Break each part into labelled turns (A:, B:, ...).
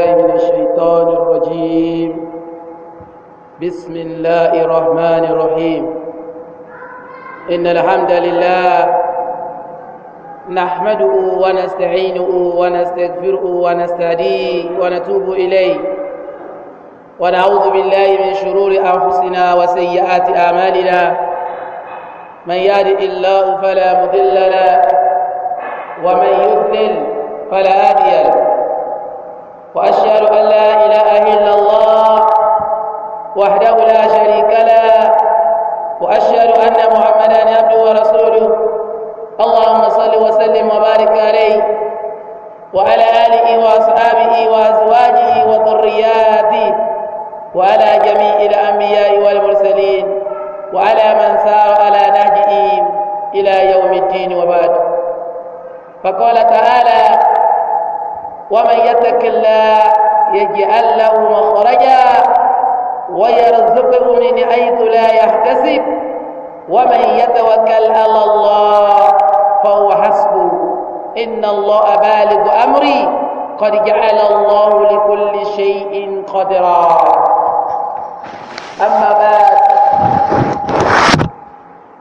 A: بالله من الشيطان الرجيم بسم الله الرحمن الرحيم إن الحمد لله نحمده ونستعينه ونستغفره ونستهديه ونتوب إليه ونعوذ بالله من شرور أنفسنا وسيئات أعمالنا من يهده الله فلا مضل له ومن يضلل فلا هادي له وأشهد أن لا إله إلا الله
B: وحده لا شريك له وأشهد أن محمدا عبده
A: ورسوله اللهم صل وسلم وبارك عليه وعلى آله وأصحابه وأزواجه وذرياته وعلى جميع الأنبياء والمرسلين وعلى من سار على نهجهم إلى يوم الدين وبعد فقال تعالى
B: ومن يتق الله يجعل له مخرجا ويرزقه من حيث لا يحتسب ومن يتوكل
A: على الله فهو حسبه إن الله بالغ أمري قد جعل الله لكل شيء قدرا أما بعد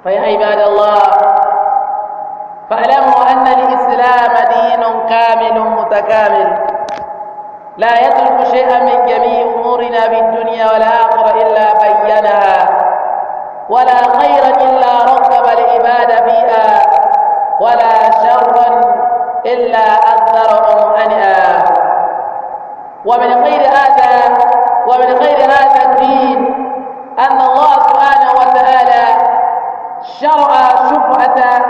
A: فيا عباد الله فاعلموا أن الإسلام دين كامل كامل لا يترك شيئا من جميع أمورنا الدنيا والآخرة إلا بينها ولا خيرا إلا رتب العباد بيئا ولا شرا إلا أكثرهم هنيئا ومن خير هذا
B: ومن خير هذا الدين
A: أن الله سبحانه وتعالى شرع شبهه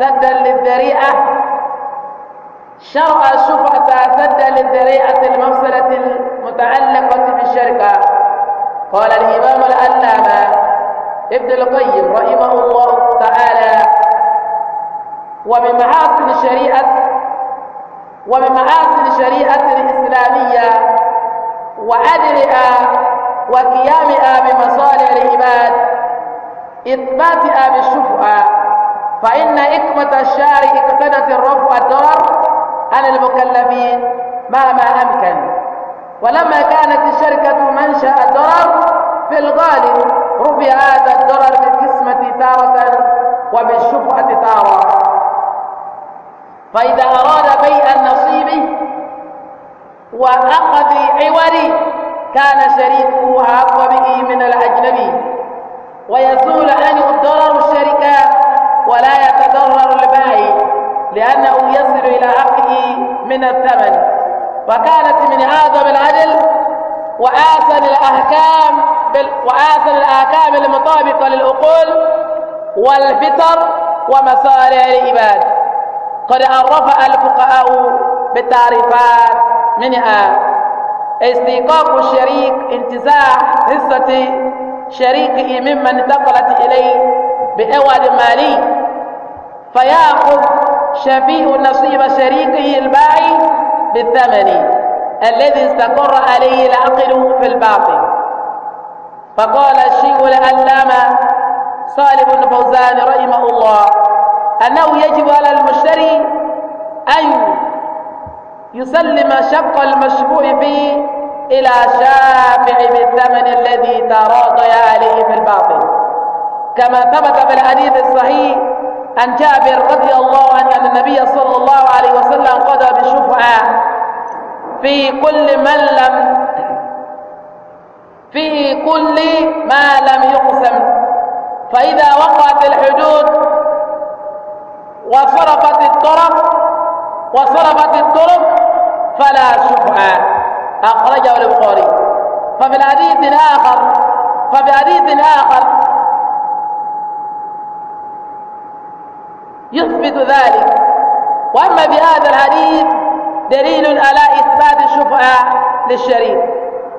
A: سدا للذريعة شرع شفعة سد لذريعة المفصلة المتعلقة بالشركة قال الإمام العلامة ابن القيم رحمه الله تعالى ومن محاسن الشريعة ومن محاسن الشريعة الإسلامية
B: وعدلها
A: وقيامها بمصالح العباد إثباتها بالشفعة فإن حكمة الشارع اقتدت الرفع الدار على المكلفين ما ما أمكن ولما كانت الشركة منشأ الدرر في الغالب رفع هذا الدرر بالقسمة تارة وبالشفعة تارة فإذا أراد بيع النصيب وأخذ عوري كان شريكه أقوى به من الأجنبي ويزول عنه ضرر الشركة ولا يتضرر البائع لأنه يزول إلى حقه من الثمن وكانت من أعظم العدل وآثر الأحكام بال... الأحكام المطابقة للعقول والفطر ومصارع العباد قد عرف الفقهاء بالتعريفات منها استيقاق الشريك انتزاع حصة شريكه ممن انتقلت إليه بعوض مالي فيأخذ شفيء نصيب شريكه البائع بالثمن الذي استقر عليه العقل في الباطن فقال الشيخ العلامة صالح بن فوزان رحمه الله أنه يجب على المشتري أن يسلم شق المشبوع به إلى شافع بالثمن الذي تراضي عليه في الباطن كما ثبت في الحديث الصحيح عن جابر رضي الله عنه أن النبي صلى الله عليه وسلم قضى بالشفعاء في كل من لم في كل ما لم يقسم فإذا وقعت الحدود وصرفت الطرق وصرفت الطرق فلا شفعاء أخرجه البخاري ففي الحديث الآخر ففي حديث آخر يثبت ذلك وأما بهذا الحديث دليل على إثبات الشفعة للشريف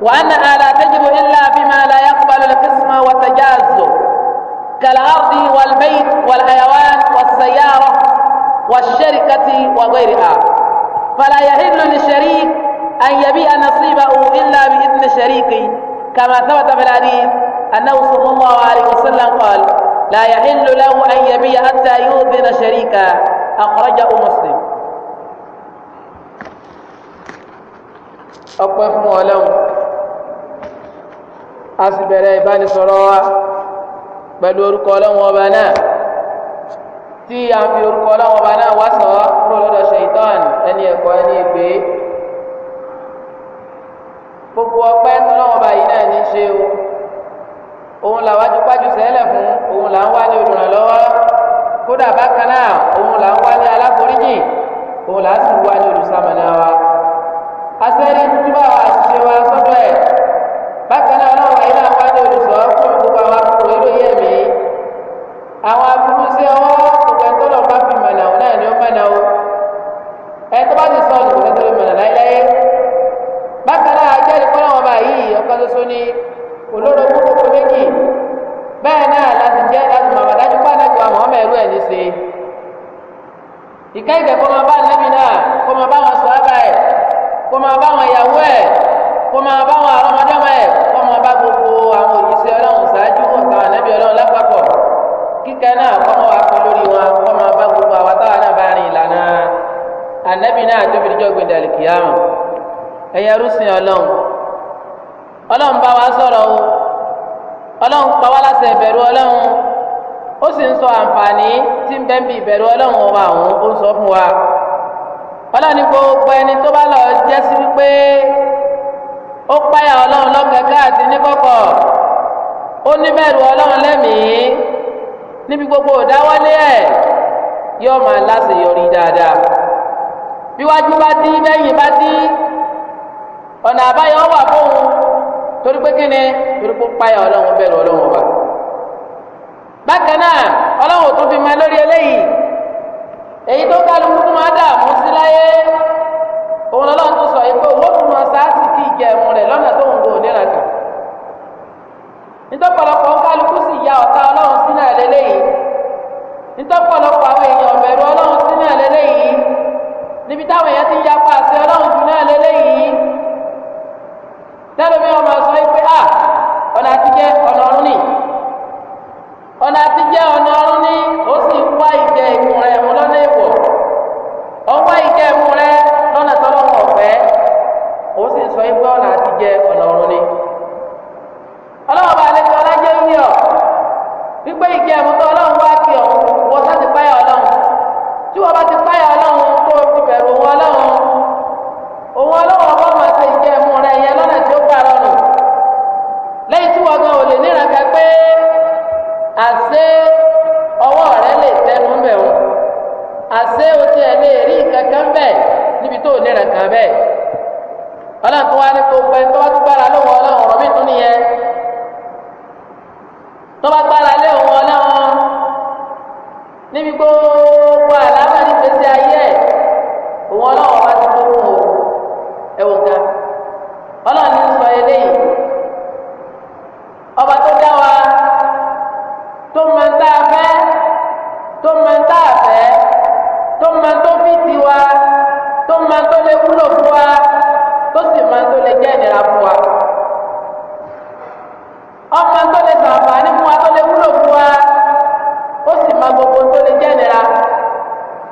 A: وأنها لا تجب إلا بما لا يقبل القسمة والتجاز كالأرض والبيت والحيوان والسيارة والشركة وغيرها فلا يحل للشريك أن يبيع نصيبه إلا بإذن شريكه كما ثبت في الحديث أنه صلى الله عليه وسلم قال لا يحل له أن يبيع حتى يؤذن شريكا أخرجه مسلم أقف fún Ọlọ́run a sì bẹ̀rẹ̀ ìbánisọ̀rọ̀ وبناء pẹ̀lú orúkọ Ọlọ́run ọba náà tí a fi orúkọ Ọlọ́run ọba náà wá sọ ọ kúrò lọ́dọ̀ ṣèitán ẹni ẹ̀kọ́ ẹni ègbé gbogbo ọpẹ́ tọlọ́run ọba yìí náà ní ṣe o
B: òun làwọn adúpájú sẹ́lẹ̀ fún òun là ń wá ní olùrànlọ́wọ́ kódà bákan náà òun là ń wá ní aláforíjì òun là ń sì wá ní olùsàmọ̀nà wa
A: asẹ́rí túbọ̀ àwọn wa sọ́dọ̀ ẹ̀
B: bákan náà náà wáyé náà wá olùsọ fún gbogbo àwọn akókò ìlú yẹ̀ mí
A: àwọn akókò sí ọwọ́ gbogbo ẹ̀tọ́ lọ́ọ́ bá fi mọ̀nà òun náà ni ó mọ̀nà o ẹ̀tọ́ bá ti ìkẹ́kẹ́ kó máa bá nàbì náà kó máa bá wọn sọ ábà ẹ̀ kó máa bá wọn ìyàwó ẹ̀ kó máa bá wọn gbogbo àwọn òyìnbó ọlọ́run ṣáájú ọ̀tàn ànábì ọlọ́run lápapọ̀ kíkẹ́ náà máa wá lórí wọn máa bá gbogbo àwọn táwa náà sì ń sọ àǹfààní tí ń bẹ́ẹ̀ bí ìbẹ̀rù ọlọ́run ọba àwọn ó ń sọ fún wa ọlọ́run ní gbogbo ẹni tó bá lọ jẹ́ sí wípé ó páyà ọlọ́run lọ́kẹ̀kẹ́ àti níkọ̀kọ̀ ó ní bẹ̀rù ọlọ́run lẹ́mìí níbi gbogbo ìdáwọ́lé ẹ̀ yóò máa láṣeyọrí dáadáa bí wájú bá dí bẹ́yìn bá dí bákan náà ọlọ́run tún fi máa lórí eléyìí èyí tó kálukú tó máa dààmú sí láyé òun lọ́lọ́run tó sọ pé owó tó máa sáàsì kí ìjẹun rẹ̀ lọ́nà tó ń gbò nira kan nítọ́pọ̀lọpọ̀ kálukú sì ya ọ̀tá ọlọ́run sínú àlélẹ́yìí nítọ́pọ̀lọpọ̀ àwọn èèyàn ọ̀bẹ̀rù ọlọ́run sínú àlélẹ́yìí níbi táwọn èèyàn ti ń yapa ọkàn tó lè sàǹfààní fún wa tó lè wúlò fún wa ó sì máa gbogbo tó lè jẹ́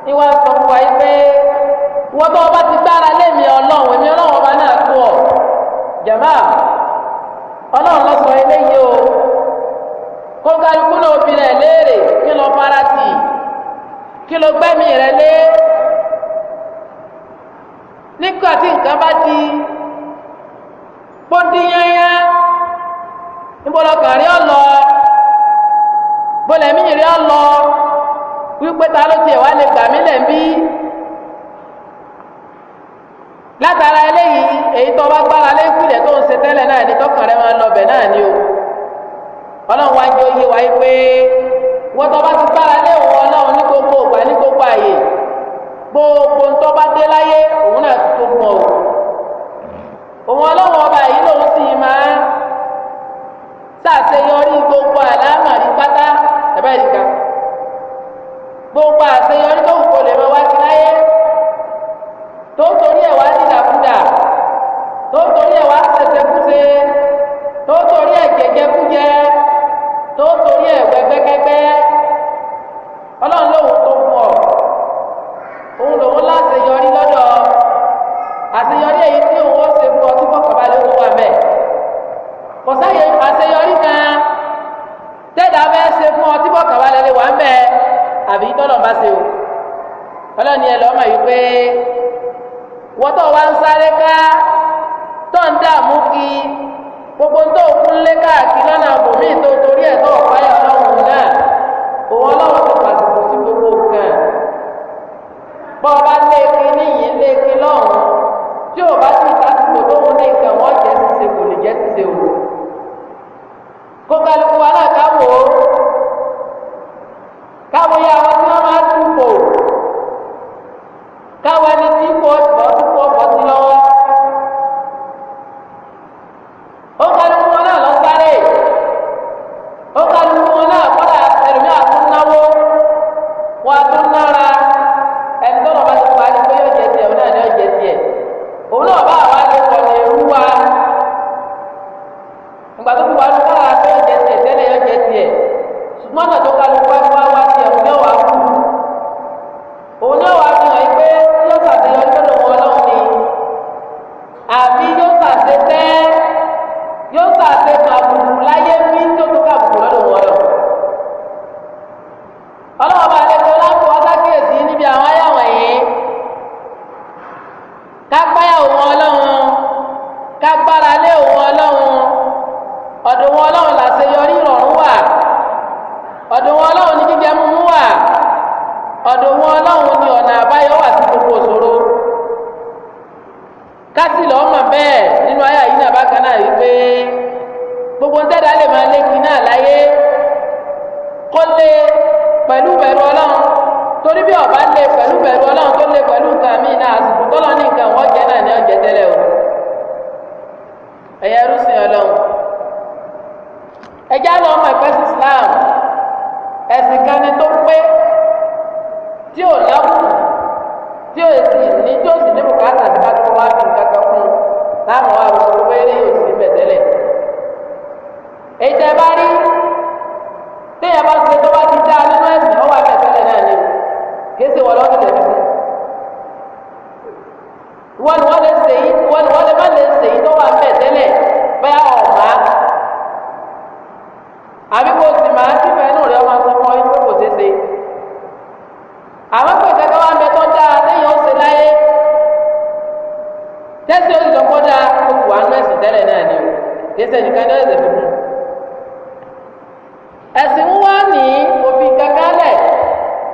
A: ni
B: ọba ti gbára
A: lémi ọlọ́run èmi ọlọ́run ọba náà tó ọ̀ jàmbá ọlọ́run lọ sọ eléyìí o kó kálukú náà obìnrin ẹ̀ léèrè kí lọ bọ́lọ́kàn rí ọ
B: bọ́lẹ̀mí rí ọlọ
A: wípé ta ló lè látara eléyìí èyí tó bá gbára lẹ́kùlẹ̀ tó ń ṣe tẹ́lẹ̀ náà ni tọkàn náà ni o ọlọ́run wá jẹ́ oyé pé wọ́n lé òun ọlọ́run ní gbogbo ògbà ní gbogbo àyè gbogbo ń abẹ́rẹ́ nǹkan gbogbo àṣeyọrí tó kò lè máa wá sí láyé tó ń torí ẹ̀ wá dídàkúdà tó ń torí ẹ̀ wá ṣẹṣẹkúṣe tó ń torí ẹ̀ jẹjẹkújẹ tó ń torí ẹ̀ gbẹgbẹgbẹ ọlọ́run
B: lòun tó ń pọ̀ òun lòun láṣeyọrí lọ́dọ̀ àṣeyọrí èyí tí òun ó ṣe fún ọ tí kọ̀ọ̀kan balẹ̀ ó tó wà mẹ́ẹ̀ kò sáyé àṣeyọrí
A: mọ́ ọtí bọ́ kàwá lẹ́lẹ́ wà ń bẹ́ àbí tọ́lọ̀ bá ṣe o ọlọ́ni ẹ lọ́mọ yìí pé wọ́tọ̀ wá ń sáré ká tọ́ ń dààmú kí gbogbo tó kún lé káàkiri lọ́nà àbòmí tó torí ẹ̀ tó ọ̀páyà ọlọ́run náà òun ọlọ́run ti pàṣípò sí gbogbo nǹkan bọ́ ọba léèké níyìn léèké lọ́run tí ò bá sì sásìkò tó ń lé nǹkan wọ́n jẹ́ ṣíṣe kò lè jẹ́ ṣíṣe òun.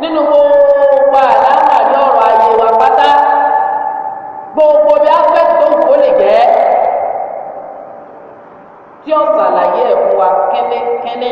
A: nínú gbogbo àlámà ní ọ̀rọ̀ ayé wa pátá gbogbo bí aspect tó ń kó lè jẹ́ tí ó ṣàlàyé ẹ̀ fún wa kínníkínní.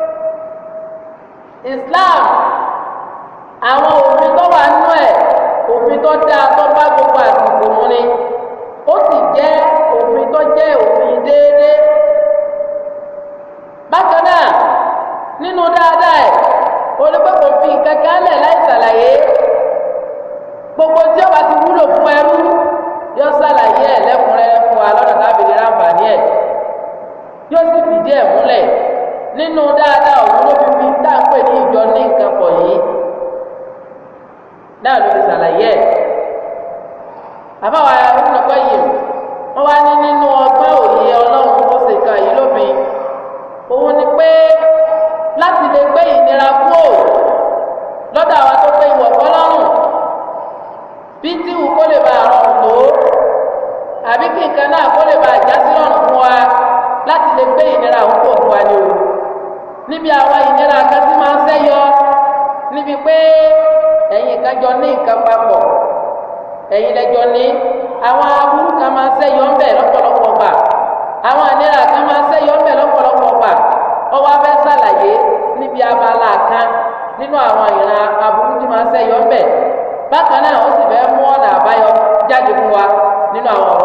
A: Islam àwọn òfin tó wà nínú ẹ̀ òfin tó dáa tó bá gbogbo àsìkò mu ni ó sì jẹ́ òfin tó jẹ́ òfin déédéé bákan náà nínú dáadáa ẹ̀ olùkọ́ kò fi nǹkan kan lẹ̀ láì ṣàlàyé gbogbo tí ó bá ti wúlò fún ẹrú yóò ṣàlàyé ẹ̀ lẹ́kùnrẹ́rẹ́ fún wa lọ́dọ̀ tábìlì ráǹfààní ẹ̀ yóò sì fìdí ẹ̀ múlẹ̀. nínú dáadáa òun ló fi fi ń dá pè ní ìjọ ní nǹkan pọ̀ yìí náà ló fi ṣàlàyé ẹ̀ àbáwá yìí wọ́n wá ní nínú ọgbẹ́ òye ọlọ́run tó kan yìí òun ni pé láti lè gbé ìnira kúrò lọ́dọ̀ àwọn tó pé ìwọ̀ fọlọ́run bí tí wù kó lè bá àrùn tó àbí níbi àwọn ìnira kan tí máa ń sẹ́yọ níbi pé ẹ̀yin kan jọ ní nǹkan papọ̀ ẹ̀yin lẹ́jọ́ ní àwọn aburú kan máa ń sẹ́yọ ń bẹ lọ́pọ̀lọpọ̀ gbà àwọn ìnira kan máa ń sẹ́yọ ń bẹ lọ́pọ̀lọpọ̀ gbà ọwọ́ abẹ́ sàlàyé níbi abala kan nínú àwọn ìran aburú tí máa ń sẹ́yọ ń bákan náà ó sì fẹ́ mú ọ̀nà àbáyọ jáde fún wa nínú àwọn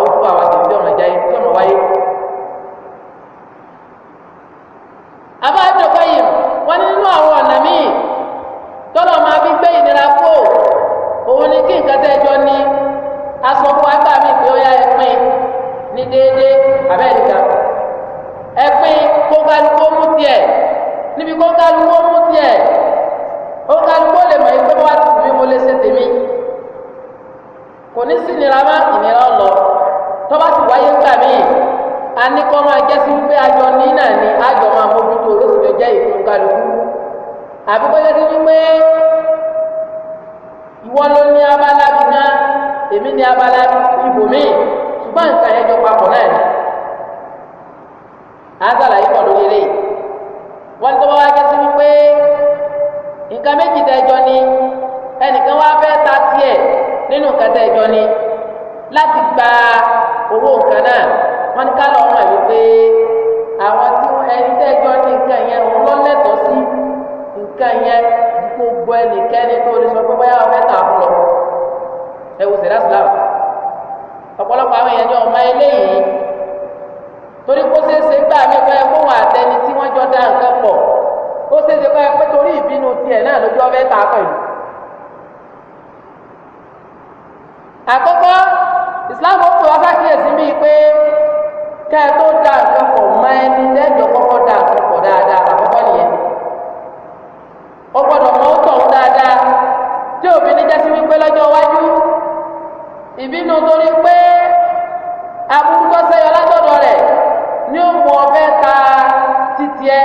A: láti gba
B: owó nǹkan náà wọ́n ní ká lọ mọ̀
A: wípé àwọn tí ẹni tẹ́jọ́ ní nǹkan yẹn òun ló lẹ́tọ̀ọ́ sí nǹkan yẹn gbogbo ẹnikẹ́ni tó lè sọ pé bóyá ọ̀fẹ́ tà fún lọ
B: ẹ wò sẹ̀dá sílámù
A: ọ̀pọ̀lọpọ̀ àwọn èèyàn ní ọmọ eléyìí torí kó ṣeé ṣe gbà mí pé kó wọn àtẹni tí wọ́n jọ dá nǹkan pọ̀ kó ṣeé ṣe pé torí ìbínú tiẹ̀ náà lójú ọ̀fẹ́ tà pẹ̀lú. àkọ́kọ́ islam ó pè wá sákìyèsí bíi pé ká ẹ tó da nǹkan pọ̀ mọ́ ẹni lẹ́jọ́ kọ́kọ́ da nǹkan pọ̀ dáadáa àkọ́kọ́ nìyẹn ó gbọ́dọ̀ mọ ó tọ̀hún dáadáa tí òbí ní jásí wípé lọ́jọ́ iwájú ìbínú torí pé aburúkọ sẹ́yọ látọ̀dọ̀ rẹ̀ ní òmù ọ̀fẹ́ ta títí ẹ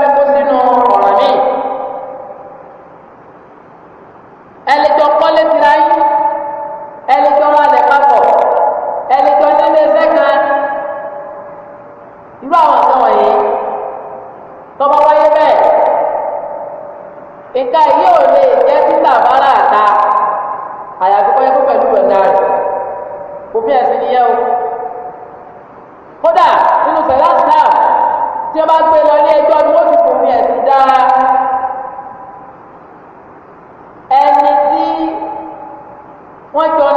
A: mi kó sínú mi ẹni tó wà lẹ papọ̀
B: ẹni tó ní ilé iṣẹ́ kan
A: irú àwọn nǹkan wọ̀nyí tọ́ba wáyé bẹ́ẹ̀ nǹkan yìí ò lè jẹ́ títà bára àta
B: àyàfi kọ́ ikú pẹ̀lú ìrọ̀dá rẹ̀ òfin ẹ̀sìn nìyẹn o kódà nínú sẹ̀lá
A: islam tí wọ́n bá gbé lọ ilé ẹjọ́ ni wọ́n ti fòfin ẹ̀sìn dáa ẹni tí wọ́n jọ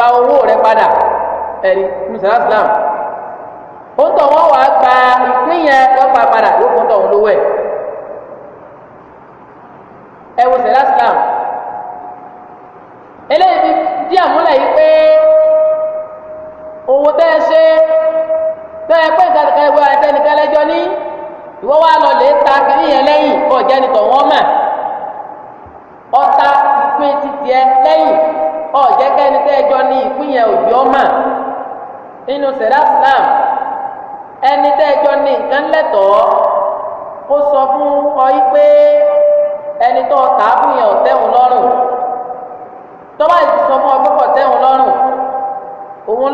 A: gba owó rẹ padà ẹ̀rí musa islam ó ń tọ̀ wọ́n wàá gba ìpín yẹn lọ́gbà padà yóò fún tọ̀hún lówó ẹ̀ ẹ wo sẹ̀rá islam eléyìí àmúlẹ̀ yìí pé owó tẹ́ ẹ ṣe wa lọ lè ta yẹn lẹ́yìn ni tọ̀hún ọmọ ọ̀ta ìpín ẹ lẹ́yìn. Ọ kẹ́ni tẹ́ ẹjọ́ ní ìpín yẹn òbí ọmọ nínú sẹ̀dá Islam ẹni ẹjọ́ ní nǹkan ó sọ fún ọ yí pé ẹni tó ta yẹn lọ́rùn fún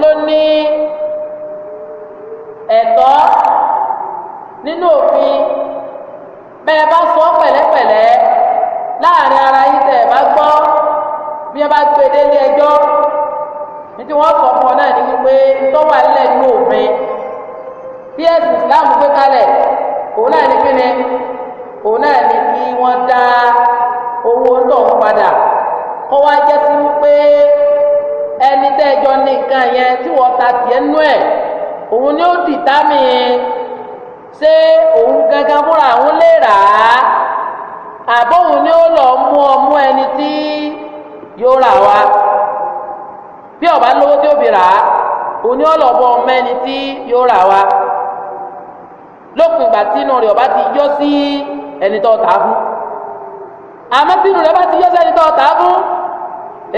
A: nínú òfin bá sọ láàrin ara
B: bí wọn bá gbé e délé ẹjọ́ nítorí wọn sọ fún ọ náà ní wípé tọ́wà lẹ̀ ní òfin bí ẹ̀sìn Islam gbé kalẹ̀ òun náà ní kíni
A: òun náà ní kí wọ́n dá
B: owó tó ń padà
A: kọ́ wá jẹ́ sí wípé ẹni tẹ́jọ ní nǹkan yẹn tí wọ́n ta tiẹ̀ nú ẹ̀ òun ni ó dìtámì ṣé òun gangan fúnra òun lè rà á àbóhun ni ó lọ mú ọmú ẹni tí yóò rà wá bí ọba lówó tí ó fi rà á òní ọlọ́bọ mẹ́ni tí yóò rà wá lópin ìgbà tí inú rẹ̀ ọba ti yọ sí ẹni tó tà á fún àmọ́ tí inú rẹ̀ bá ti yọ sí ẹni tó tà á fún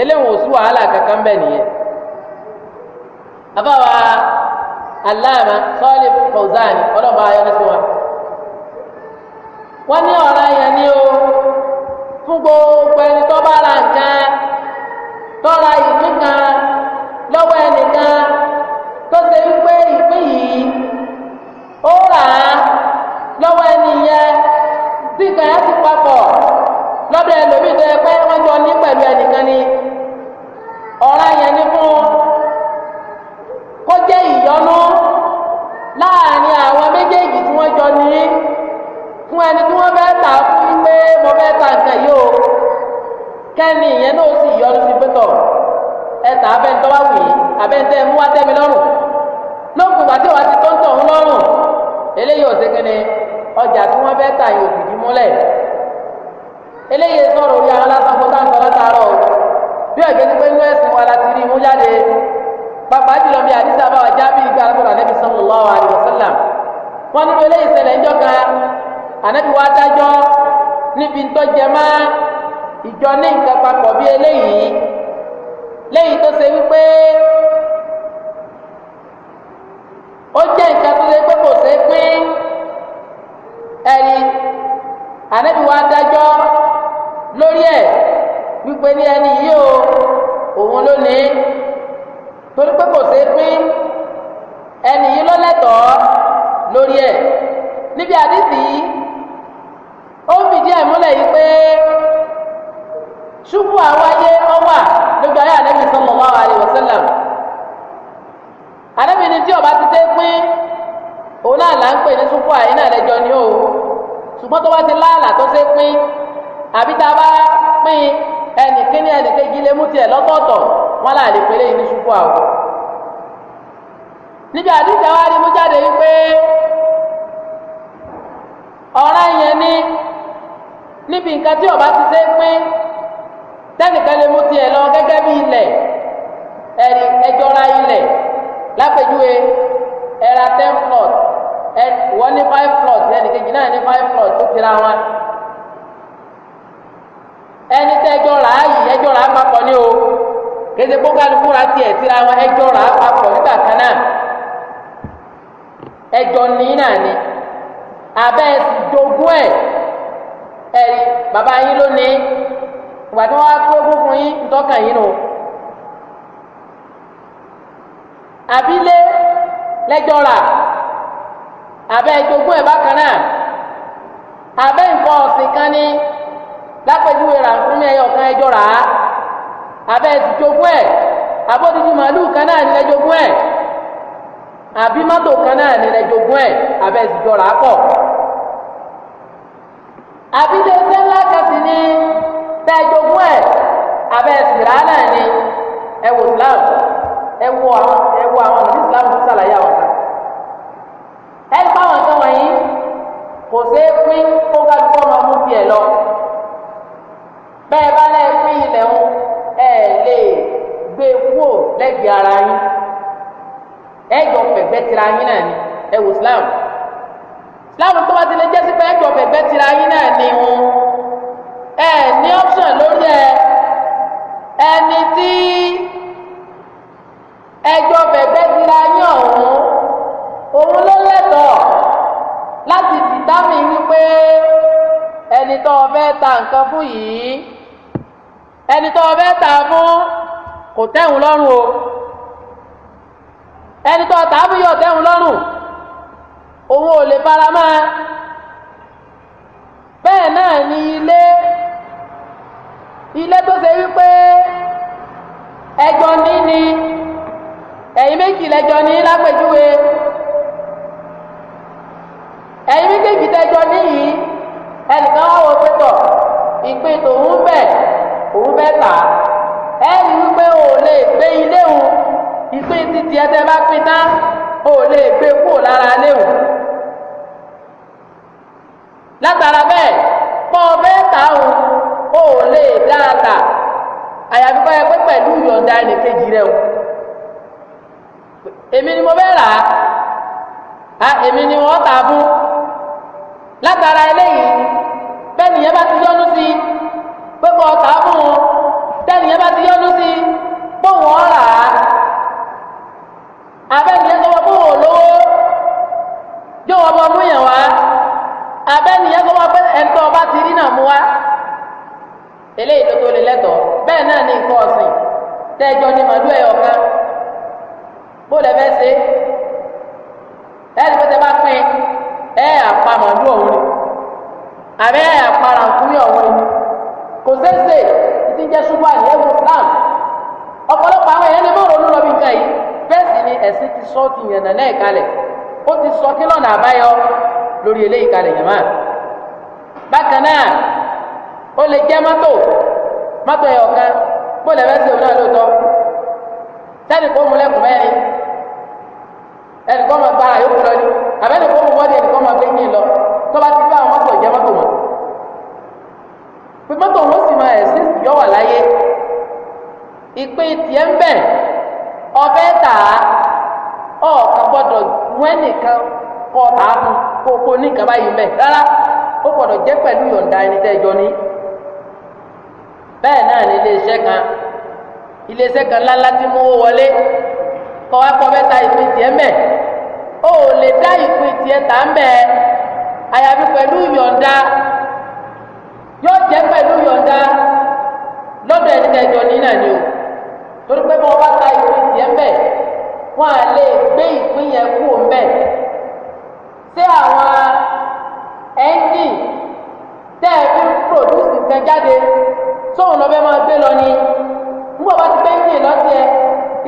B: eléwọ̀n sí wàhálà kankan bẹ́ẹ̀ nìyẹn àbáwa aláàmà sọ́ọ̀lì fọ̀záàni ọlọ́ba ayọ́lẹ́ wọ́n ní ọ̀rá yẹn ní o fún gbogbo ẹni tó bá ra nǹkan
A: tọ́ra ìpín kan
B: lọ́wọ́ ẹnìkan
A: tó ṣe wípé ìpín yìí ó rà á lọ́wọ́ ẹni tí kan yẹn ti papọ̀
B: lọ́dọ̀ ẹlòmíì tó yẹ pé wọ́n jọ ní pẹ̀lú ẹnìkan
A: ni ọ̀ràn yẹn ni fún kó jẹ́ ìyọnú láàrin àwọn méjèèjì tí wọ́n jọ ní fún ẹni tí wọ́n fẹ́ tà fún pé mo fẹ́ tà nǹkan yìí o kẹ́mi ìyẹn náà sì yọnu sí pẹ́tọ̀ ẹ tà abẹ́ntọ́ wá wì í abẹ́ntẹ́ mú wá tẹ́mi lọ́rùn
B: lókùn ìgbà tí wàá ti tó ń tọ̀ ń lọ́rùn eléyìí ò sékene ọjà tí wọ́n fẹ́ tà yóò fìdí múlẹ̀
A: eléyìí sọ̀rọ̀ orí àwọn lásán a táǹtọ́ látàárọ̀ bí ọ̀gẹ́ ti pé inú ẹ̀sìn wa láti rí imú jáde pàpà jùlọ bí àdìsá bá wà jábì ìgbà àdàbọ̀dà nẹ́bí sallallahu alaihi wasallam wọn nínú níbi ntọ́jẹ́ máa ìjọ ní nǹkan papọ̀ bí eléyìí léyìí tó ṣe wípé ó jẹ́ nǹkan tó ṣe pé kò ṣe pín ẹ̀rí ànábì wa dájọ́ lórí ẹ̀ wípé ní ẹni yìí o òun ló ní torí pé kò ṣe pín ẹni yìí ló lẹ́tọ̀ọ́ lórí ẹ̀ níbi àdìsí ó fìdí ẹ̀ múlẹ̀ yìí pé. tupu àwáyé ọwà lójú ayé ànábì sallallahu alaihi wasallam ànábì oh, ni tí ọba ti tẹ́ pín òun náà là ń pè ní tupu àyè náà lẹjọ ni o ṣùgbọ́n tó bá ti láàlà tó tẹ́ pín àbí tá a bá pín ẹnì kíní ẹnì kejì mú tiẹ̀ lọ́tọ̀ọ̀tọ̀ wọn là lè yìí ní tupu àwọ̀ níbi wa ni mo jáde yìí ọba ti pín. tẹ́nìkan lè mú tiẹ̀ lọ gẹ́gẹ́ bí ilẹ̀ ẹ̀rí ẹjọ́ra ilẹ̀ lápẹjúwe
B: ẹ̀ra ten plot ẹ wọ́n ní five plot ẹnìkejì náà ní five plot tó tira wọn ẹni tẹ́ ẹjọ́ra yìí ẹjọ́ra papọ̀
A: ní o kéde kókàlùkù ra tiẹ̀ tira wọn ẹjọ́ra papọ̀ nígbà kan náà ẹjọ́ ní náà ni abẹ́ ẹ̀ ẹ̀ ẹ̀rí bàbá yín ló ní. ìgbà tí wọ́n á kó egún fún yín ntọ́kàn yín nù. àbílé lẹ́jọ́ rà àbẹ́ ìjogún ẹ̀ bákan náà àbẹ́ nǹkan ọ̀sìn kan ní lápẹjúwe ràǹkúnmí ẹyọ kan ẹjọ́ rà á àbẹ́ ìjogún ẹ̀ abódìdí màálù kan náà ní lẹ́jọ́gún ẹ̀ àbí mọ́tò kan náà ní lẹ́jọ́gún ẹ̀ tẹ́jọ́gún ẹ̀ abẹ́ sìrá náà ni ẹ wò islam ẹ wò àwọn ẹ wò àwọn ọ̀nà islam ti sàlàyé àwọn kan ẹ ní báwọn kan wọ̀nyí kò sí pín kó ká dúpọ́ máa mú tiẹ̀ lọ bẹ́ẹ̀ bá lẹ́ẹ̀ pín ilẹ̀ ń ẹ lè gbé kúò lẹ́gbẹ̀ẹ́ ara yín ẹ jọ fẹ̀gbẹ́ tira yín náà ni ẹ wò islam islam tó bá ti lè jẹ́ sí pé ẹ jọ fẹ̀gbẹ́ tira yín náà ni wọn.
B: ẹ ní option lórí ẹ
A: ẹni tí ẹjọ́ bẹ̀gbẹ́ ti ra yín ọ̀hún òun ló lẹ́tọ̀ọ́ láti dìtámì wípé ẹni tó ta nǹkan fún yìí ẹni tó ta fún kò lọ́rùn o ẹni tó fún yóò lọ́rùn òun ò lè fara mọ́ bẹ́ẹ̀ náà ilé tó ṣe wípé
B: ẹjọ́ ní ni
A: méjì ní lápẹjúwe
B: ẹ̀yin méjèèjì tẹ́jọ́ níyì
A: ẹnìkan wá wọ pé tọ ìpín tòun bẹ òun bẹ tà ẹni wípé o lè gbé ilé títí ẹsẹ bá tán o lè gbé kúrò lára látara bẹ́ẹ̀ pọ bẹ tà ó lè dáàtà àyàfi kọ́ ẹ pẹ̀lú ìyọ̀ǹda ẹnìkejì rẹ o èmi ni mo fẹ́ rà
B: á èmi ni wọ́n tà fún
A: látara eléyìí bá ti yọ́nú sí pé kọ́ tà fún un bá ti yọ́nú sí pé wọ́n rà á abẹ́niyẹn sọ fún lówó yóò wọ́n mú yẹn wá sọ ọba ti rí eléyìí tó tó lè lẹ́tọ̀ọ́ bẹ́ẹ̀ náà ní nǹkan ọ̀sìn tẹ́jọ́ ní màlúù ẹ̀yọ̀ kan bó lẹ fẹ́ ṣe ẹ̀ẹ́dì pé tẹ bá pín ẹ̀ àpa màlúù ọ̀hún ni
B: àbẹ́ ẹ̀ àpa ràǹkúmí ọ̀hún ni
A: kò sẹ́sẹ̀ ìdí jẹ́ ṣubú àlẹ́ Islam ọ̀pọ̀lọpọ̀ àwọn èèyàn lè mọ̀ lọ bí nǹkan yìí bẹ́ẹ̀ sì ni ẹ̀sìn ti sọ ti yànnà náà kalẹ̀ ó ti sọ kí lọ́nà àbáyọ lórí eléyìí kalẹ̀ yàmá bákan náà o lè jẹ́ mọ́tò mọ́tò ẹ̀ ọ̀kan bó lè fẹ́ ṣe òun náà lóòótọ́ sẹ́ni kó mu lẹ́kùn mẹ́rin ẹnì kó máa gba àyókù lọ ní àbẹ́ni kó mu bọ́dí ẹnì kó máa gbé ní lọ tó bá ti gbé àwọn mọ́tò jẹ́ mọ́tò wọn. pípọ́tò wọn sì máa ẹ̀sìn yọ wà láyé ìpè tiẹ̀ ń bẹ̀ ọbẹ̀ tà á ọ̀ọ̀kan gbọ́dọ̀ wẹ́nìkan kọ́ tà á fún kókó ní ìkàbáyé mẹ́ rárá ó gbọ́dọ̀ jẹ́ pẹ̀lú yọ̀ǹda ẹni tẹ́ jọ ní bẹ́ẹ̀ náà ní iléeṣẹ́ kan iléeṣẹ́ kan lálá tí mú owó wọlé kọ́ wá kọ́ bẹ́ẹ̀ ta ìpín tiẹ̀ mẹ́ o ò lè dá ìpín tiẹ̀ tà ń bẹ́ẹ̀ àyàfi pẹ̀lú yọ̀ǹda yóò jẹ́ pẹ̀lú yọ̀ǹda lọ́dọ̀ ẹni tẹ̀jọ ní náà ni o torí pé wọ́n bá ta ìpín tiẹ̀ mẹ́ wọ́n á lè gbé ìpín yẹn kú mẹ́ ṣé àwọn ẹ́ńjìn tẹ́ẹ̀ fi ń pòdùsì kan jáde sóun lọ́bẹ̀ máa gbé lọ ni
B: nígbà bá ti gbé ń yìn lọ́sẹ̀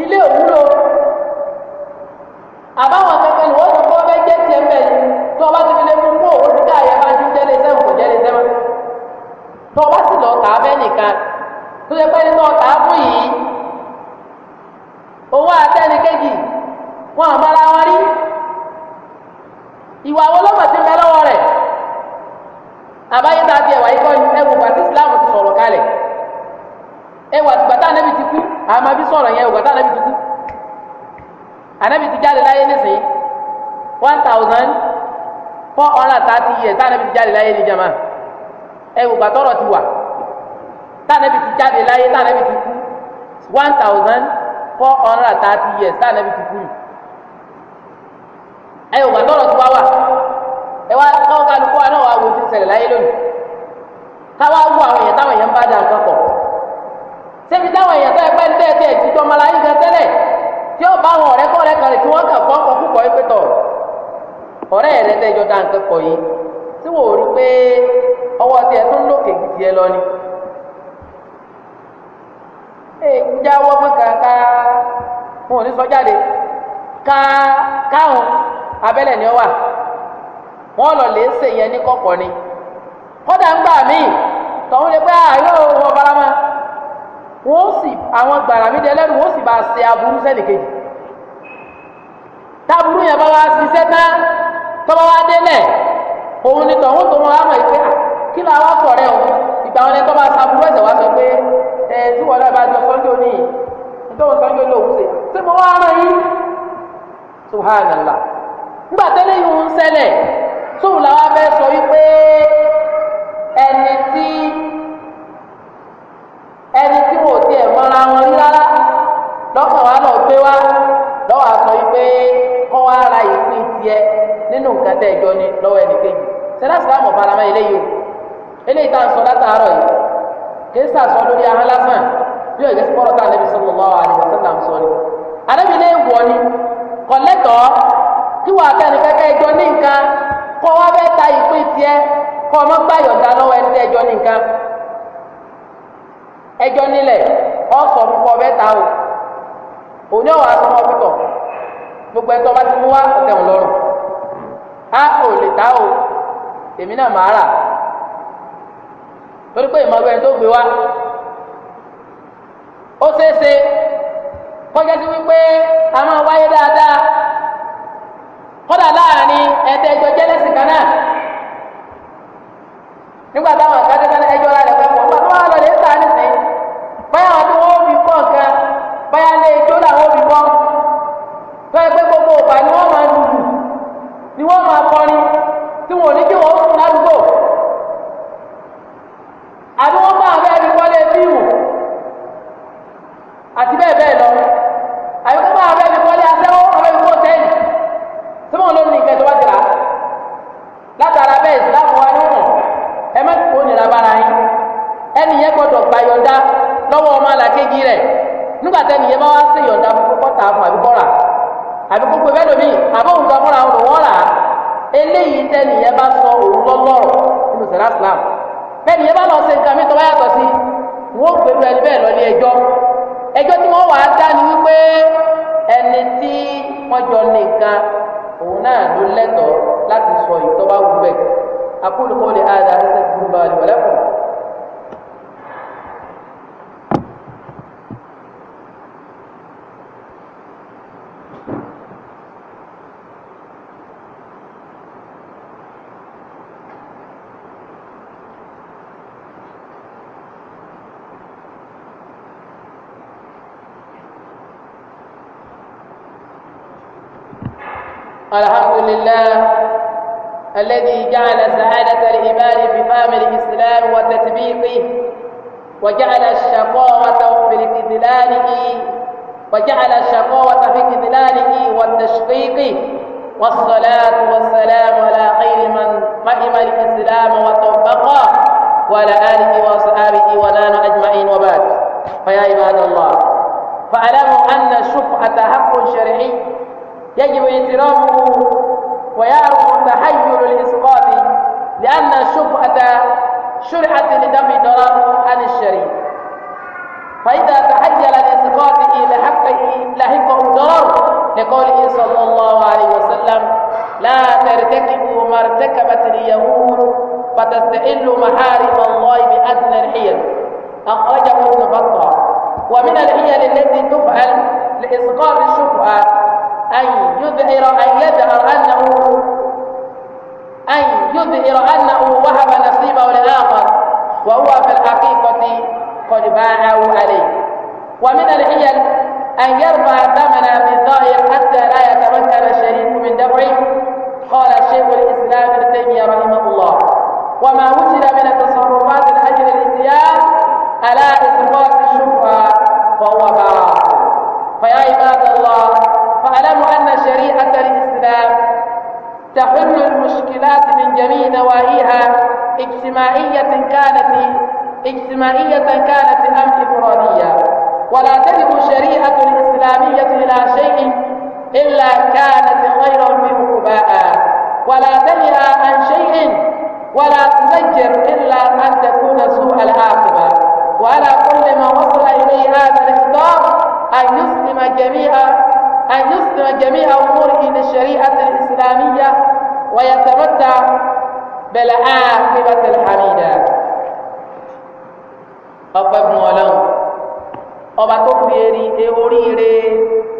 B: ilé òwúlò àbáwọn kankan ni wọ́n sọ pé wọ́n fẹ́ jẹ́ tiẹ̀ mbẹ́ yìí tó o bá ti fi lé fún kó o ti dá àyè máa ti jẹ́
A: lé sẹ́wọ̀n kò jẹ́ lé sẹ́wọ̀n tó o bá sì lọ tà á bẹ́ẹ̀ nìkan tó yẹ pé ní tó o tà fún yìí owó àtẹnikẹ́jì wọn àbá sọ̀rọ̀ yẹn ògbà tá ànábì ti one thousand four hundred thirty ti jáde láyé ní jama ẹ ògbà tọrọ ti wa tá ànábì ti jáde láyé tá ànábì ti kú one thousand four hundred thirty wa náà wà wò ó ti ṣébi a èèyàn tó ẹgbẹ́ ń tẹ́tẹ́ ìtìjọ́ ọmọ aláyé gan tẹ́lẹ̀ tí ó bá wọn ọ̀rẹ́ kọ́ ọ̀rẹ́ kan rẹ̀ tí wọ́n kà kọ́ ọkọ̀ púpọ̀ yìí pé tọ̀ ọ̀rẹ́ dá nǹkan kọ yìí tí rí pé tó ń lòkè gidi ẹ lọ ni. kàkà ni ọ wà lọ lè ṣe yẹn ní ni ń gbà wọ́n sì àwọn gbàràmídé ẹlẹ́rù wọ́n sì bá ṣe aburú sẹ́nìkejì táburú yẹn bá wá ṣiṣẹ́ tán tọ́ba wá délẹ̀ òun ni tọ̀hún tó wọn á mọ̀ ìpè kí la wá sọ̀rẹ́ o ìgbà wọn ni tọ́ba ṣaburú ẹ̀sẹ̀ wá sọ pé ẹ tí wọn bá jọ sọ́njọ́ ní ìtọ́wọ́ sọ́njọ́ ní òun ṣe ṣé mo wá rán yín subhanallah nígbà tẹ́lẹ̀ yìí ń ṣẹlẹ̀ tóun làwọn abẹ́ sọ wípé ẹni tí ẹni tí wọn ò tiẹ̀ mọ́ra wọn rí rárá lọ́kàn wa lọ gbé wá lọ́wọ́ àsọ yìí pé wọ́n wá ra ìpín tiẹ̀ nínú nǹkan tẹ́ ẹjọ́ ni lọ́wọ́ ẹnìkejì sẹ́dáṣí láàmú ọ̀faramẹ́ eléyìí o eléyìí tá à ń sọ látàárọ̀ yìí kì í sàsọ lórí ahọ́n lásán bí òye sí pọ́rọ́tà Ànábì sallallahu alaihi wasallam sọ ni Ànábì ilé ìwọ ni kọ̀lẹ́tọ̀ kí wọ́n àtẹnu kẹ́kẹ́ ẹjọ́ ní nǹkan kọ́ wá bẹ́ẹ̀ ta ìpín tiẹ̀ kọ́ ọmọ gbá yọ̀ǹda lọ́wọ́ ẹni tẹ́ ẹjọ́ ní nǹkan ẹjọ nílẹ̀ ọsọ púpọ̀ bẹ́ẹ̀ ta o òní ọ̀wà asọmọ púpọ̀ gbogbo ẹtọ́ bá ti mú wá ọ̀tẹ̀ wọn lọ́rùn á lè ta o èmi náà máa rà torí pé tó gbé wá ó ṣeéṣe kọjá sí wípé a máa wáyé dáadáa láàrin jẹ́lẹ́sì kan náà nígbà táwọn ẹjọ́
B: الذي جعل سعادة العباد في فهم الإسلام وتطبيقه وجعل الشقاوة
A: في اذلاله وجعل الشقاوة في اذلاله والتشقيق والصلاة والسلام على خير من فهم الإسلام وطبقه وعلى آله وصحابه ونان أجمعين وبعد فيا عباد الله فاعلموا أن الشفعة حق شرعي يجب احترامه ويعرف تحيل الإسقاط لأن الشبهة شرحت لدم الضرر عن الشريف فإذا تحيل الإسقاط لحقه لحقه ضرر لقوله صلى الله عليه وسلم
B: لا ترتكبوا ما ارتكبت اليهود فتستحل محارم الله بأدنى الحيل أخرجه ابن بطة ومن الحيل التي تفعل لإسقاط الشبهة أن يظهر أن يظهر أنه أن يظهر أنه وهب نصيبه للآخر وهو في الحقيقة قد باعه عليه ومن الحيل أن يرفع الثمن بالظاهر حتى لا يتمكن الشريك من دفعه قال شيخ الإسلام ابن تيمية رحمه الله
A: وما وجد من التصرفات لأجل الاتيان على إثبات الشبهة
B: فهو باع
A: فيا عباد الله فاعلموا أن شريعة الإسلام تحل المشكلات من جميع نواهيها اجتماعية كانت اجتماعية كانت أم إفرادية
B: ولا تجد الشريعة الإسلامية إلى شيء إلا كانت خيرا منه باء ولا تنهى عن شيء ولا تذكر إلا أن تكون سوء العاقبة وعلى كل ما وصل إليه هذا
A: الاخبار أن يسلم جميع أن يسلم جميع أموره للشريعة الإسلامية ويتمتع بالعاقبة الحميدة ọpẹ́ fún Ọlọ́run ọba tó fi eri oríire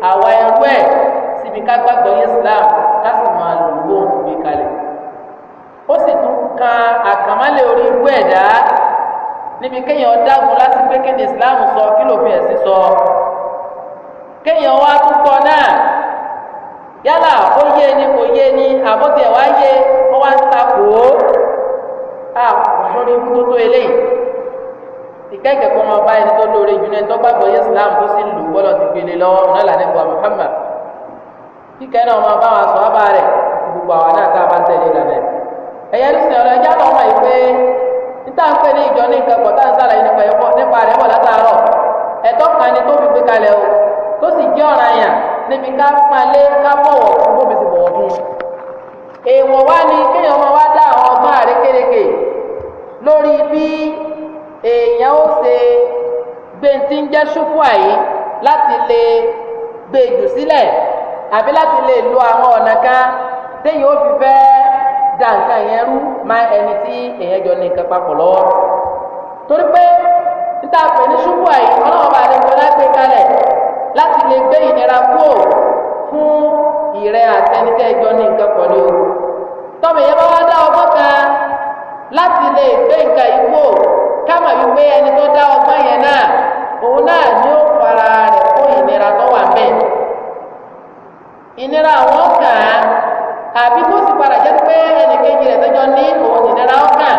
A: àwa ẹrú ẹ síbi ká gbàgbọ́ Islam ká sì máa lò ó fi kalẹ̀ ó sì tún kan àkàmálẹ orí irú ẹ̀dá níbi kéèyàn dágun láti pé kí Islam sọ kí ló fi ẹ̀sìn sọ kéèyàn wá tún kọ náà yálà ó yé ni kò yé ni àbọ̀tẹ̀ wá yé ó wá ń takò ó a òṣèré tó tó eléyìí ìkẹ́kẹ̀ẹ́ kọ́ máa bá ẹni tó lóore jù náà tó gbàgbọ́ yé Islam tó sì lù bọ́lọ̀ ti gbélé lọ́wọ́ náà lànà ìbò Muhammad kíkẹ́ náà máa bá wọn sọ ábà rẹ̀
B: gbogbo àwọn náà tá a bá ń tẹ̀lé ìlànà
A: ẹ̀ ẹ̀yẹ lùsìn ọ̀rọ̀ ẹ̀já náà mọ̀ pé níta ń pè ní ìjọ ní nǹkan pọ̀ tá à ń sàlàyé nípa rẹ̀ bọ̀ látàárọ̀ ẹ̀tọ́ kan ni tó níbi ká palẹ̀ ká bọ̀wọ̀ fún bóbi ti bọ̀wọ̀ fún un èèwọ̀ wá ní kéèyàn máa wá dá àwọn ọgbọ́n àrékérekè lórí bí èèyàn ó ṣe gbé tí ń jẹ́ ṣúfù àyè láti lè gbé jù sílẹ̀ àbí láti lè lo àwọn ọ̀nà kan téèyàn ó fi fẹ́ da nǹkan yẹn rú ma ẹni tí èèyàn jọ ní nǹkan papọ̀ lọ́wọ́ torí pé níta pè ní ṣúfù àyè ọlọ́run bá lè wọlé gbé kalẹ̀ láti lè gbé ìnira kúò fún ìrẹ àtẹnitẹjọ ní nǹkan pọ̀ o tọ́mọ ìyẹn bá wá dá ọgbọ́n kan láti lè gbé nǹkan yìí kúò kámà wípé ẹni tó dá ọgbọ́n yẹn náà òun náà ni ó fara rẹ̀ kó ìnira tó wà bẹ́ẹ̀ ìnira àwọn kàn án àbí kó sì padà jẹ́ pé ẹnìkejì rẹ̀ tẹ́jọ́ ní òun ìnira ọkàn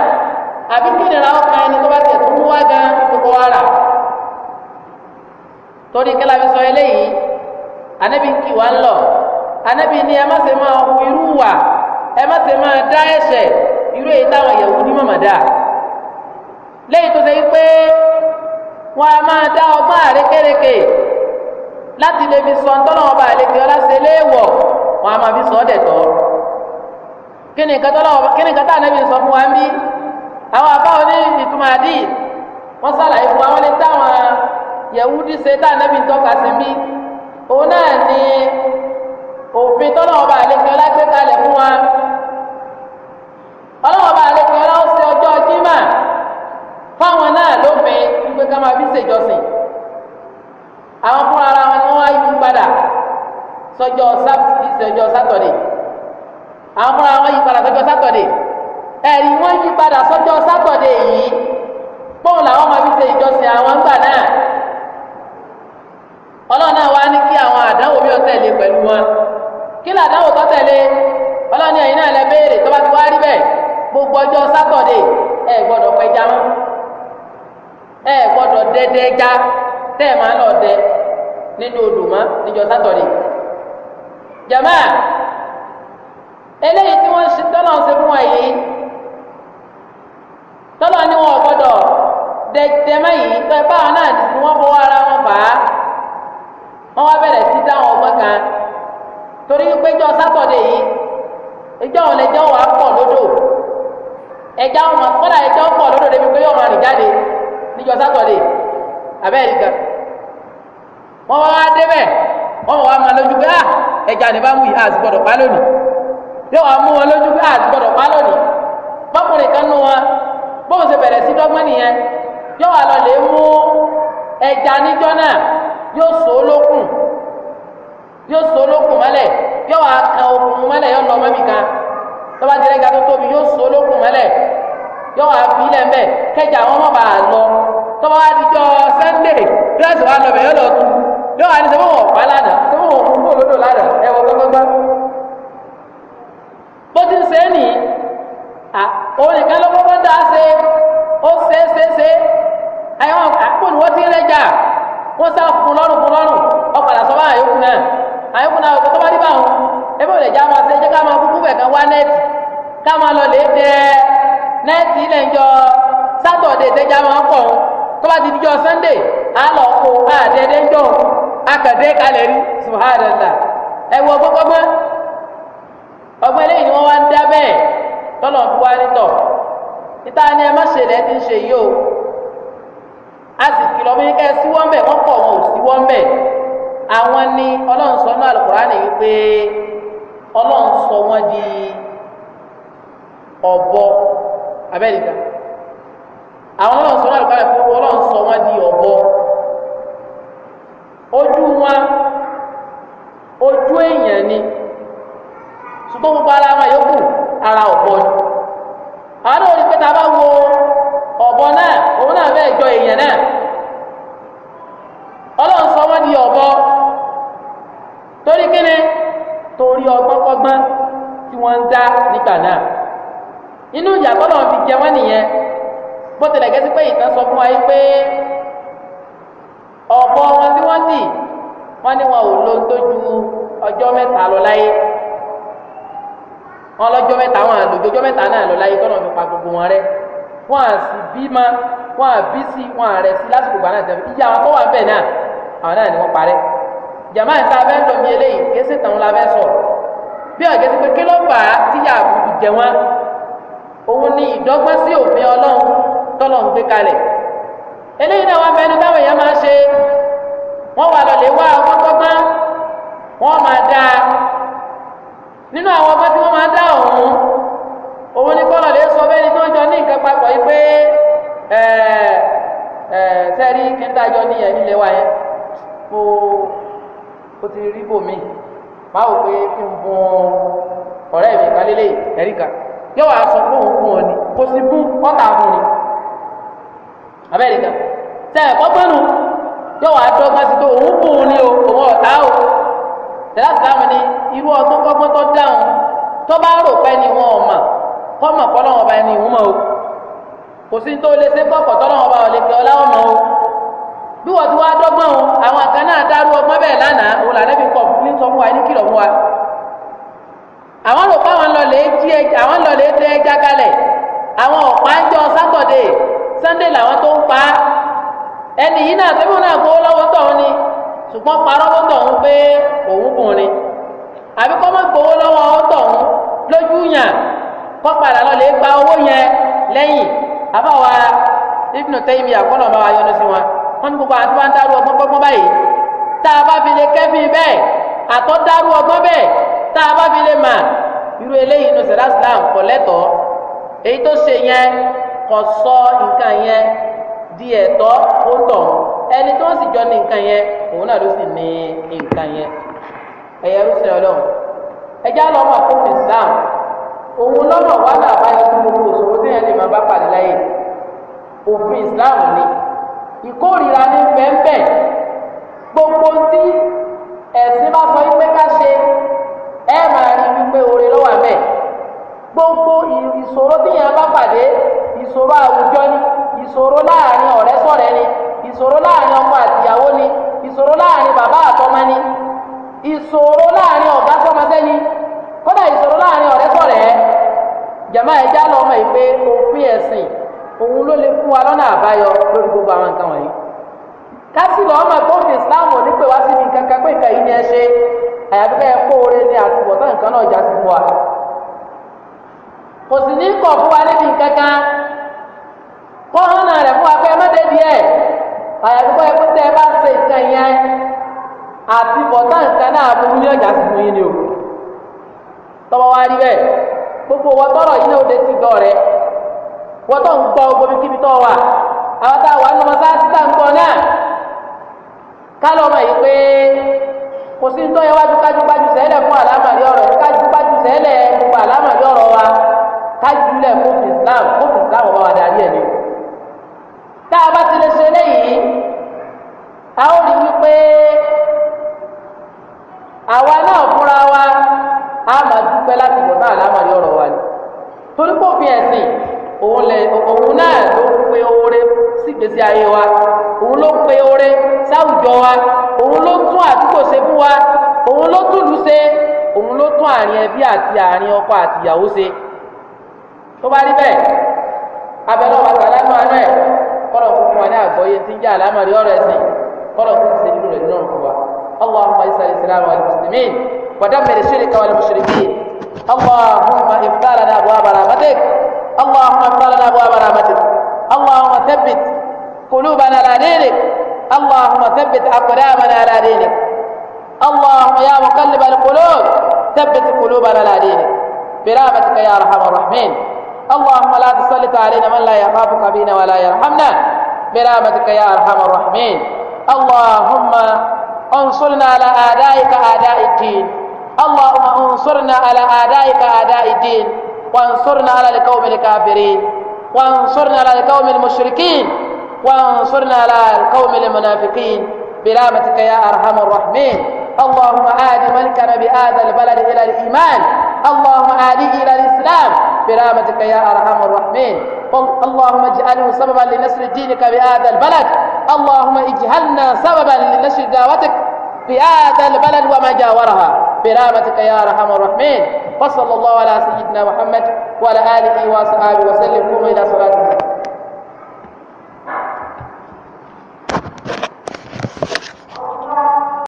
A: àbí kí ìnira ọkàn ẹni tó bá tẹ̀ tó mú wá gan gbogbo ara
B: torí kí la fi sọ eléyìí
A: anabi ń kì wá ń lọ anabi ní ẹ má ṣe máa hu irú wà ẹ má ṣe máa dá ẹ̀ṣẹ̀ irú èyí táwọn ìyàwó ní mọ̀mọ́ dá lẹ́yìn tó ṣe pé wọn a máa dá ọgbọ́n àrékèrèké láti lè fi sọ ntọ́lọ́wọ́ àlejò ọlá léèwọ̀ wọn a máa fi sọ ọ́ kí ni nǹkan kí ni nǹkan tá sọ fún wa ń bí àwọn àbá òní ìtumọ̀ àdí wọ́n sàlàyé yẹwudi ṣe tá ànábì ń tọ́ka sí bí òun náà ní òfin tọ́lọ́wọ́ bá àlejò ọlá gbé kalẹ̀ fún wa
B: ọlọ́wọ́ bá àlejò ọlá ó ṣe ọjọ́ jimá
A: fáwọn náà lófin wípé ká máa fi ṣèjọsìn
B: àwọn fúnra ara wọn ni wọ́n á yí padà
A: sọjọ́ sátidé sọjọ́ sátọ̀dé àwọn fúnra wọn yí padà sọjọ́ sátọ̀dé ẹ̀rí wọ́n yí padà sọjọ́ sátọ̀dé yìí pọ́ùn làwọn máa fi ṣe ìjọsìn àwọn gbà náà. ọlọ́run wa ní kí àwọn àdánwò bí ó tẹ̀lé pẹ̀lú wọn kí làdánwò tó tẹ̀lé ẹ̀yin náà lẹ ti wá rí bẹ́ẹ̀ gbogbo ọjọ́ sátọ̀dé ẹ gbọ́dọ̀ pẹja mọ́ ẹ gbọ́dọ̀ dẹ́dẹ́ já tẹ́ ẹ máa lọ dẹ nínú odò mọ́ níjọ́ sátọ̀dé jama eléyìí tí wọ́n ṣe tọ́lọ̀ ń ṣe wọn yìí tọ́lọ̀ ni wọn ò gbọ́dọ̀ yìí tọ́ ẹ náà ti fi wọ́n bọ́ ara wọ́n bẹ̀rẹ̀ sí dáhùn ọgbọ́n kan torí péjọ sátọ̀dé yìí ìjọ òun lẹjọ́ wà pọ̀ lódò ẹjọ́ lódò débi pé máa rìn jáde níjọ abẹ́rẹ́ wá wá máa lójú pé ah, ẹja ní bá mú yìí àti pa lónìí yóò wá mú wọn lójú pé àti ah, gbọ́dọ̀ pa lónìí bọ́kùnrin kan nú wọn bóun ṣe sí
B: yóò so olókùn
A: yóò so olókùn mọ́lẹ̀ yóò wá kan okùn mọ́lẹ̀ yóò lọ mọ́bì kan
B: tọ́ba ti rẹ́gà tó tóbi yóò so olókùn mọ́lẹ̀ yóò wá fi ilẹ̀ mbẹ́ kẹjà wọn mọ̀ bá lọ tọ́ba wá di jọ Sunday gíláàsì
A: wa lọ bẹ̀ yóò lọ tu yóò wá ní sẹ́wọ́n wọ̀ pa lánàá sẹ́wọ́n wọ̀ fún bòlódò lánàá ẹ̀ wọ gbọ́gbọ́gbọ́ bó ti ń sẹ́ nìyí òun ló kọ́kọ́ dá ṣe ó ṣe é ṣe àyẹ̀wò àpò ni wọ́n ti ń rẹ́jà. wọ́n sá kun lọ́rùn kun lọ́rùn ọ̀padà sọ́wọ́ àyókù náà àyókù náà ọ̀pọ̀ tó bá rí bá wọn ebi olè já ma ṣe jẹ ká máa kúkú bẹ̀ kan wá nẹ́ẹ̀tì ká máa lọ lè tẹ ilẹ̀ máa kọ̀ ọ́n tó bá ti á lọ kó kalẹ̀ rí subhanallah ni wọ́n wá ń dá bẹ́ẹ̀ tọ́lọ̀ nítọ̀ a sì kìlọ̀ bí kẹ́ ẹ síwọ́ mbẹ̀ wọ́n kọ̀ wọn ò síwọ́ mbẹ̀ àwọn ni ọlọ́run sọ ní Al-Qur'ani wípé ọlọ́run sọ wọ́n di ọ̀bọ abẹ́nìkan àwọn ọlọ́run sọ ní al ni fún ọlọ́run sọ wọ́n di ọ̀bọ ojú wọn ojú èèyàn ni ṣùgbọ́n gbogbo ara wọn yòókù ara ọ̀bọ ni àwọn olùpẹ̀tà bá wo ọ̀bọ náà náà bẹ́ẹ̀ jọ èèyàn náà ọlọ́run sọ wọ́n di ọ̀bọ torí kíni torí ọgbọ́nkọ́gbọ́n tí wọ́n ń dá nígbà náà inú ìyà fi jẹ wọ́n nìyẹn
B: bó tilẹ̀ gẹ́sí pé ìtàn sọ fún wa yìí pé ọ̀bọ wọn tí wọ́n dì
A: wọ́n ní wọn ò lo tójú ọjọ́ mẹ́ta lọ láyé
B: wọn lọ́jọ́ mẹ́ta wọn àlòjọ́jọ́ mẹ́ta náà lọ láyé fi pa
A: gbogbo wọn wọn à sì wọn à bí sí wọn à rẹ̀ sí lásìkò gbà náà tẹ̀lé ìyá àwọn tó wà bẹ́ẹ̀ náà àwọn náà ni wọ́n parẹ́ jàmáà nǹkan abẹ́ ń dọ̀mí eléyìí kéésì tàwọn la fẹ́ sọ
B: bí ọ̀gẹ́ sí pé kí ló fà á tíyà àbùkù
A: jẹ wọn òun ni ìdọ́gbọ́n sí òfin ọlọ́run tọ́lọ̀ ń gbé kalẹ̀ eléyìí náà wọn bẹnu táwọn èèyàn máa ṣe wọn wà lọlẹ wá owó tọgbọn wọn máa dá nínú àwọn ọgbọ́n tí wọn máa dá òun òun ni kọlọlẹ sọ bẹ́ẹ̀ ni tí wọn jọ ní nǹkan papọ̀ yìí pé ẹ̀ẹ́ ẹ̀ẹ́ sẹ́rí kíntájọ́ ní ẹ̀yìn lẹ́wà yẹn mo ó ti rí bòmí máa wò pé kí n bọ ọ̀rẹ́ mi kálélẹ̀ ẹ̀rí kan yóò wá sọ pé òun fún ọ ni kò sì bú ọ̀tà fún ni abẹ́rẹ́ kan sẹ́ẹ̀ kọ́gbẹ́nu yóò wá dọ́gba sí pé òun fún ni o òun ọ̀tá o tẹ̀lá sàlámù ni irú ọtún kọ́gbọ́n tó dáhùn tó bá rò pé ni wọn ò mà kọ́ mọ̀ kọ́ lọ́wọ́ bá ẹni ìhùn o kò sí tó lè ṣe kọ́kọ́ tọ́lọ́wọ́n bá lè fi ọlá ọ̀nà o bí wọ́n ti wá dọ́gbọ́n o àwọn kan náà dárú ọgbọ́n bẹ́ẹ̀ lánàá òun làdé fi kọ̀ ní sọ fún wa ní kìlọ̀ fún wa àwọn lò fáwọn lọlẹ̀ jí ẹja àwọn lọlẹ̀ tẹ ẹja kalẹ̀ àwọn ọ̀pá ń jọ sátọ̀dé sànńdé làwọn tó ń pa á ẹnì yìí náà tẹ́wọ́n náà gbowó lọ́wọ́ tọ̀hún ni ṣùgbọ́n parọ́ ló tọ̀hún pé òun kùn ni àbí kọ́ mọ́ gbowó lọ́wọ́ tọ̀hún lójú yàn kọ́ padà lọ lè gba owó yẹn lẹ́yìn àbáwa Ibn Taymiyyah àkọlọ bá wa yọnu sí wọn wọn ní gbogbo àti wọn ń dárú ọgbọ́n gbọ́ngbọ́n báyìí tá a bá fi lè kẹ́fìn bẹ́ẹ̀ àtọ́ dárú ọgbọ́n bẹ́ẹ̀ tá a bá fi lè mà irú eléyìí inú sẹ̀dá Islam kò lẹ́tọ̀ọ́ èyí tó ṣe yẹn kò sọ nǹkan yẹn di ẹ̀tọ́ ó tọ̀ ẹni tó ń sì jọ ní nǹkan yẹn òun náà ló sì ní nǹkan yẹn ẹ̀yẹ rúṣẹ́ ọlọ́run ẹjẹ́ àlọ́ ọmọ àkókò Islam òun lọ́nà wà láàbá ní kí gbogbo òṣòro tí yẹn lè máa bá pàdé láyè òfin Islam ni ìkórìíra ní pẹ́ńpẹ́ gbogbo tí ẹ̀sìn bá sọ pé ká ṣe ẹ máa rí wípé oore lọ́wọ́ àmẹ́ gbogbo ìṣòro tí yẹn bá pàdé ìṣòro àwùjọ ni ìṣòro láàrin ọ̀rẹ́ sọ̀rẹ́ ni ìṣòro láàrin ọkọ àtìyàwó ni ìṣòro láàrin bàbá àtọmọ ni ìṣòro láàrin ọ̀gá sọmọsẹ́ ni kódà ìṣòro láàrin ọ̀rẹ́ sọ̀rẹ́ jàmá ẹja lọ ọmọ yìí òfin ẹ̀sìn òun ló lè fún wa lọ́nà àbáyọ lórí gbogbo àwọn nǹkan wọ̀nyí kásìlọ ọmọ tó fi ìsìláàmù nípè wá síbi nǹkan kan pé nǹkan yìí ni ẹ ṣe àyàfi ká ẹ kó oore ní àtúbọ̀tán nǹkan náà já sí fún wa kò sì ní kọ̀ fún wa níbi nǹkan kan
B: rẹ̀ fún
A: tọ́wọ́ wá rí bẹ́ẹ̀ gbogbo wọ́tọ́rọ̀ yìí náà ó ti dọ̀ rẹ̀ wọ́tọ̀ ń gbọ́ kíbi wa àwọn tá wà nínú náà yìí pé kò sí fún àlámàrí ọ̀rọ̀ kájúkájú sẹ́lẹ̀ fún àlámàrí ọ̀rọ̀ wa fún Islam fún Islam ọba wa ẹ̀ tá a bá ti lè á máa dúpẹ́ láti bọ̀ náà lámàrí ọ̀rọ̀ wa ni torí kò fi ẹ̀sìn òun lẹ òun náà ló pe oore sígbésí ayé wa òun ló pe oore sáwùjọ wa òun ló tún àdúgbò ṣe fún wa òun ló tún lù ṣe òun ló tún àárín ẹbí àti àárín ọkọ àti ìyàwó ṣe tó bá rí bẹ́ẹ̀ abẹ́rẹ́ ọba tàlá náà àná kọ́lọ̀ fún wa ní àgbọ́yé tí ń jẹ́ àlámọ̀rí ọ̀rọ̀ ẹ̀sìn kọ́lọ̀ kún ti ṣe nínú rẹ̀ nínú ọ̀rùn fún wa. اللهم اجعل الاسلام والمسلمين ودمر الشرك والمشركين اللهم افتح لنا ابواب رحمتك اللهم افتح لنا ابواب رحمتك اللهم ثبت قلوبنا على دينك اللهم ثبت اقدامنا على دينك اللهم يا مقلب القلوب ثبت قلوبنا على دينك برحمتك يا ارحم الراحمين اللهم لا تسلط علينا من لا يخافك بنا ولا يرحمنا برحمتك يا ارحم الراحمين اللهم انصرنا على اعدائك اعداء الدين اللهم انصرنا على اعدائك اعداء الدين وانصرنا على القوم الكافرين وانصرنا على القوم المشركين وانصرنا على القوم المنافقين برحمتك يا ارحم الراحمين اللهم اهد ملكنا بهذا البلد إلى الإيمان اللهم آده إلى الإسلام برحمتك يا أرحم الراحمين اللهم اجعله سببا لنشر دينك بهذا البلد اللهم اجعلنا سببا لنشر دعوتك بهذا البلد وما جاورها برحمتك يا رحم الرحمن وصلى الله على سيدنا محمد وعلى اله وصحبه وسلم الى صلاه صلاتكم